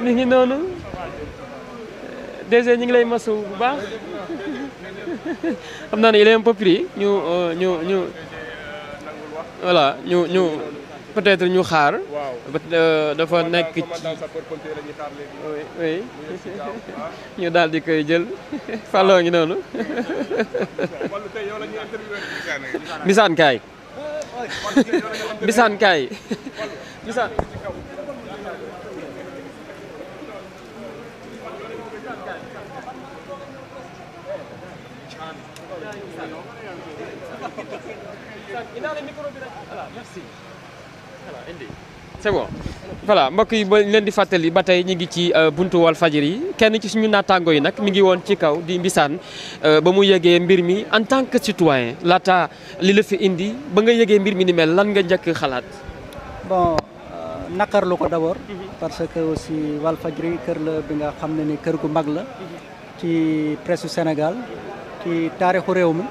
mi ngi noonu DG ñu ngi lay masawu bu baax xam naa ne il est un peu ñu ñu ñu voilà ñu ñu peut-être ñu xaar. Euh, dafa nekk ci oui ñu daal koy jël fàlloo ngi noonu. bisaan kaay bisaan kaay bisaan. c'est bon voilà mbok yi ba leen di fatali ba tey ngi ci euh, buntu fajr yi kenn ci suñu natango yi nak mi ngi won ci kaw di mbisaan euh, ba mu yegge mbir mi en tant que citoyen lata li le fi indi ba nga yegge mbir mi ni mel lan nga njëkk xalat bon euh, lu ko d'abord. Mhm. parce que aussi Walfadjri Presu la bi nga xamne ni keur gu mag la. Mhm. ci presse senegal ci taarixu réew mi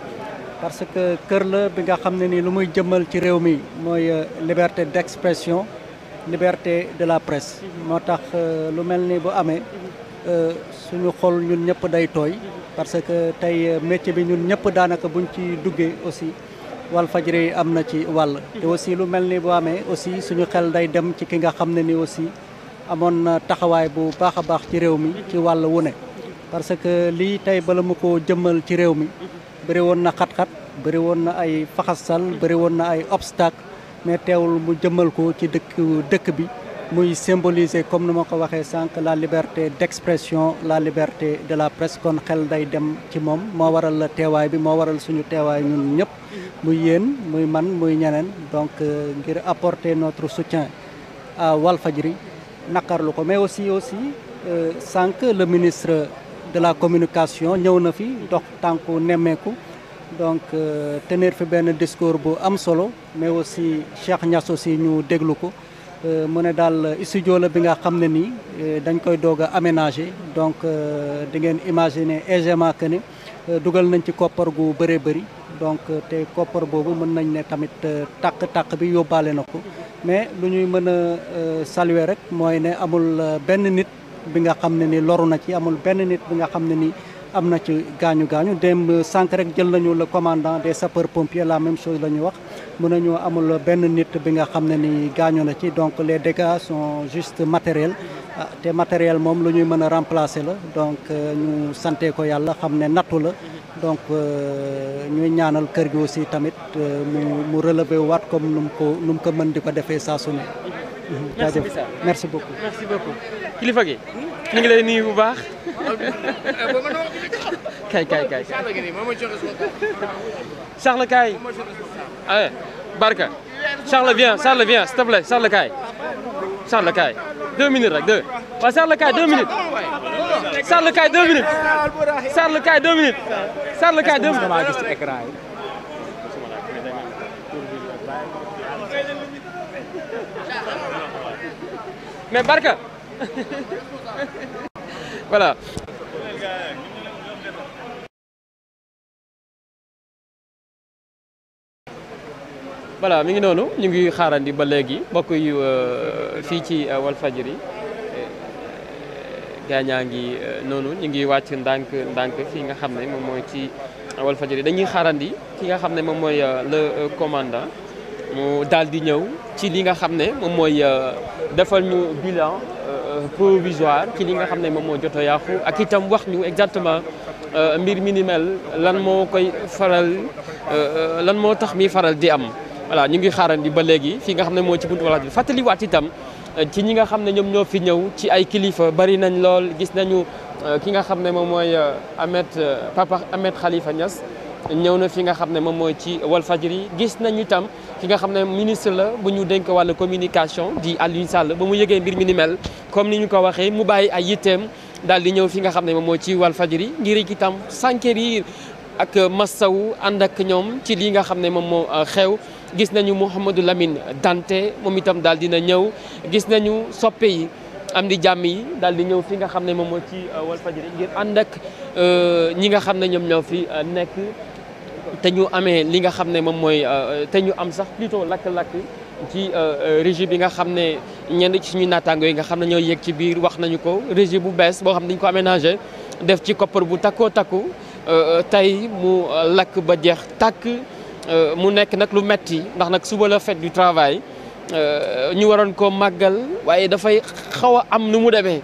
parce que kër la bi nga xam ne nii lu muy jëmmal ci réew mi mooy euh, liberté d'expression liberté de la presse moo tax euh, lu mel ni bu amee euh, suñu xol ñun ñëpp day tooy parce que tey métier bi ñun ñëpp daanaka buñ ci duggee aussi wal Walfadjri am na ci wàll te aussi lu mel ni bu amee aussi suñu xel day dem ci ki nga xam ne ni aussi amoon na taxawaay bu baax a baax ci réew mi ci wàll wu ne parce que lii tey bala ma ko jëmmal ci réew mi mhm. bëri woon na xat-xat bëri woon na ay faxasal mhm. bëri woon na ay obstacle mais teewul mu jëmmal ko ci dëkk dëkk bi muy symboliser comme ni ma ko waxee sànq la liberté d'expression la liberté de la presse kon xel day dem ci moom moo waral la teewaay bi moo waral suñu teewaay ñun ñëpp mhm. mu yéen muy man muy ñeneen donc euh, ngir apporter notre soutien à Walfadjri naqarlu ko mais aussi aussi euh, sànq le ministre de la communication ñëw na fi dox tànku nemeku donc euh, tenir fi ben discours bu am solo mais aussi Cheikh Niass aussi ñu déglu ko euh, mu ne dal studio la bi nga xamné ni euh, dañ koy doga aménager donc di ngeen imaginer aisément que ne dugal nañ ci koppar gu bëree bëri donc té copper bobu mën nañ ne tamit tak tak bi yóbbaale nako mais lu ñuy mëna saluer rek moy né amul ben nit bi nga xam ne ni loru na ci amul benn nit bi nga xam ne ni am na ci gaañu gaañu démb sànq rek jël nañu la commandant des sapeurs pompiers la même chose la ñu wax mën nañu amul benn nit bi nga xam ne ni gaañu na ci donc les dégâts sont juste matériels ah, te matériel moom lu ñuy mën a remplacer la donc euh, ñu sante ko yàlla xam ne nattu la donc euh, ñuy ñaanal kër gi aussi tamit euh, mu mu relever waat comme nu mu ko nu mu ko mën di ko defee saa su merci merci beaucoup. merci beaucoup kilifa gi. Ni ngi lay nuyu bu baax. kay kay kay. Charles kay. ah Barka. Charles viens Charles viens s'il te plaît Charles kay. Charles kay deux minutes rek deux waaw Charles kay deux minutes. Charles kay deux minutes. Charles kay deux minutes. Charles kay deux minutes. mais barka voilà. voilà mi ngi noonu ñu ngi xaarandi ba léegi mbokk yi euh, fii ci euh, Walfadjri euh, ñaa ngi noonu ñu ngi wàcc ndànk ndànk fii nga xam ne moom mooy ci Walfadjri dañuy xaarandi ki nga xam ne moom mooy le commandant mu daal di ñëw. ci li nga xam ne moom mooy euh, defal ñu bilan euh, provisoire ci li nga xam ne moom moo jot a ak itam wax ñu exactement euh, mbir mi ni mel lan moo koy faral lan moo tax mi faral di am voilà ñu ngi di ba léegi fii nga xam ne moo ci buntu Walf bi fàttaliwaat itam ci ñi nga xam ne ñoom ñoo fi ñëw ci ay kilifa bari nañ lool gis nañu ki nga xam ne moom mooy Ahmed Papa Ahmed Khalifa Niass ñëw na fi nga xam ne moom mooy ci Walfadjri gis nañu itam ki nga xam ne ministre la bu ñu dénk wàllu communication di Alioune Sall mu yëgee mbir mi comme ni ñu ko waxee mu bàyyi ay yitteem daal di ñëw fi nga xam ne moom mooy ci Walfadjri ngir itam s'enquérir ak massawu ànd ak ñoom ci lii nga xam ne moom moo euh, xew gis nañu Mouhamadou Lamine Dante moom itam daal dina ñëw gis nañu soppe yi am di jàmm yi daal di ñëw fi nga xam ne moom moo ci euh, Walfadjri ngir ànd ak euh, ñi nga xam ne ñoom ñoo fi nekk te ñu amee li nga xam ne moom mooy euh, te ñu am sax plutôt lakk-lakk ci euh, euh, régie bi nga xam ne ñenn ci suñu naataango yi nga xam ne ñoo yegg ci biir wax nañu ko régie bu bees boo xam ne dañu ko aménagé def ci koppar bu takkoo takku tey mu lakk ba jeex tàkk mu nekk nag lu metti ndax nag suba la fête du travail ñu waroon ko màggal waaye dafay xaw a am nu mu demee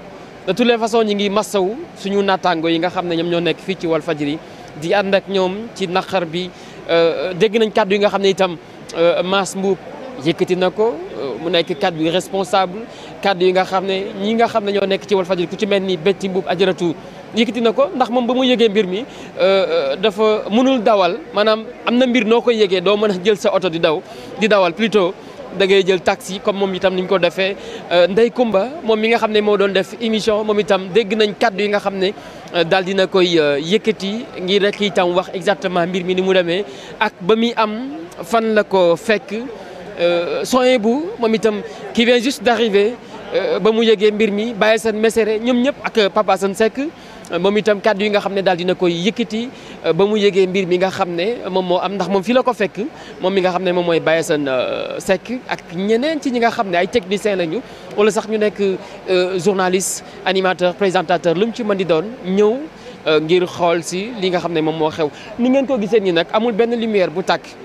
de toutes les façons ñi ngi massawu suñu naataango yi nga xam ne ñoom ñoo nekk fii ci Walfadjri di ànd ak ñoom ci naqar bi euh, dégg nañ kàddu yi nga xam ne itam euh, Mass Mboup yëkkati na ko euh, mu nekk kàddu yi responsable kàddu yi nga xam ne ñi nga xam ne ñoo nekk ci Walfadjri ku ci mel ni Betty Mboup ajaratu yëkkati na ko ndax moom ba mu yëgee mbir mi dafa mënul dawal maanaam am na mbir noo koy yëgee doo mën a jël sa oto di daw di dawal plutôt da ngay taxi comme mon ko a Kumba Je mi nga l'émission doon def émission moom itam de nañ yi euh, dina koy euh, rek itam wax exactement mbir mi ni mu démé ak am fan la ko fekk euh, qui vient juste d'arriver Euh, ba mu yëgee mbir mi bàyyi seen mesere ñoom ñëpp ak euh, Papa Assane Seck euh, moom itam kàddu yi nga xam ne daal dina koy yëkkati ba mu yëgee mbir mi nga xam ne moom moo am ndax moom fii la ko fekk moom mi nga xam ne moom mooy Baye Assane Seck ak ñeneen ci ñi nga xam ne ay technicien lañu wala sax ñu nekk journaliste animateur présentateur lu mu ci mën di doon ñëw ngir xool si li nga xam ne moom moo xew ni ngeen ko gisee nii nag amul benn lumière bu tàkk.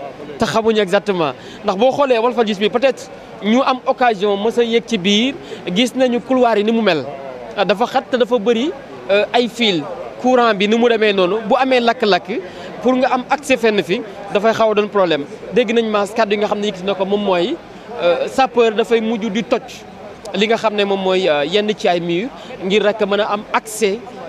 te xamuñu exactement ndax boo xoolee Walfadjri bi peut-être ñu am occasion mës a yëg ci biir gis nañu couloir yi ni mu mel dafa xat te dafa bëri euh, ay fil courant bi ni mu demee noonu bu amee lakk-lakk pour nga am accès fenn fi dafay xaw doon problème dégg nañ maas kàddu yi nga xam ne yëkkati na ko moom mooy euh, sappeur dafay mujj di toj li nga xam ne moom mooy euh, yenn ci ay mur ngir rek mën a am accès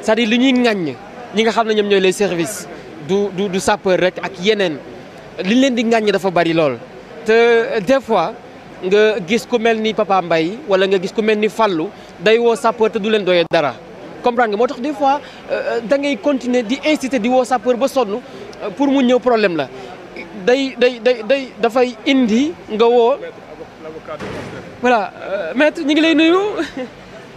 c'est-à-dire li ñuy ŋàññ ñi nga xam ne ñoom ñooy les services du du du sapeur rek ak yeneen li leen di ŋàññ dafa bari lool. te des fois nga gis ku mel ni Papa Mbaye wala nga gis ku mel ni Fallou day woo sapeur te du leen doyee dara comprendre nga moo tax des fois euh, euh, da ngay continuer di inciter di woo sapeur ba sonn euh, pour mu ñëw problème la day day day day dafay indi nga woo. voilà maître ñu ngi lay nuyu.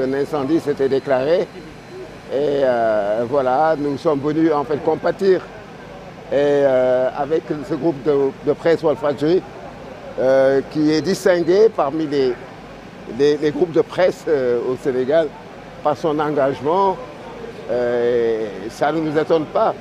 un incendie s'était déclaré. Et euh, voilà, nous sommes venus en fait compatir et, euh, avec ce groupe de, presse Wolfadji euh, qui est distingué parmi les, les, les groupes de presse au Sénégal par son engagement. Et ça ne nous étonne pas.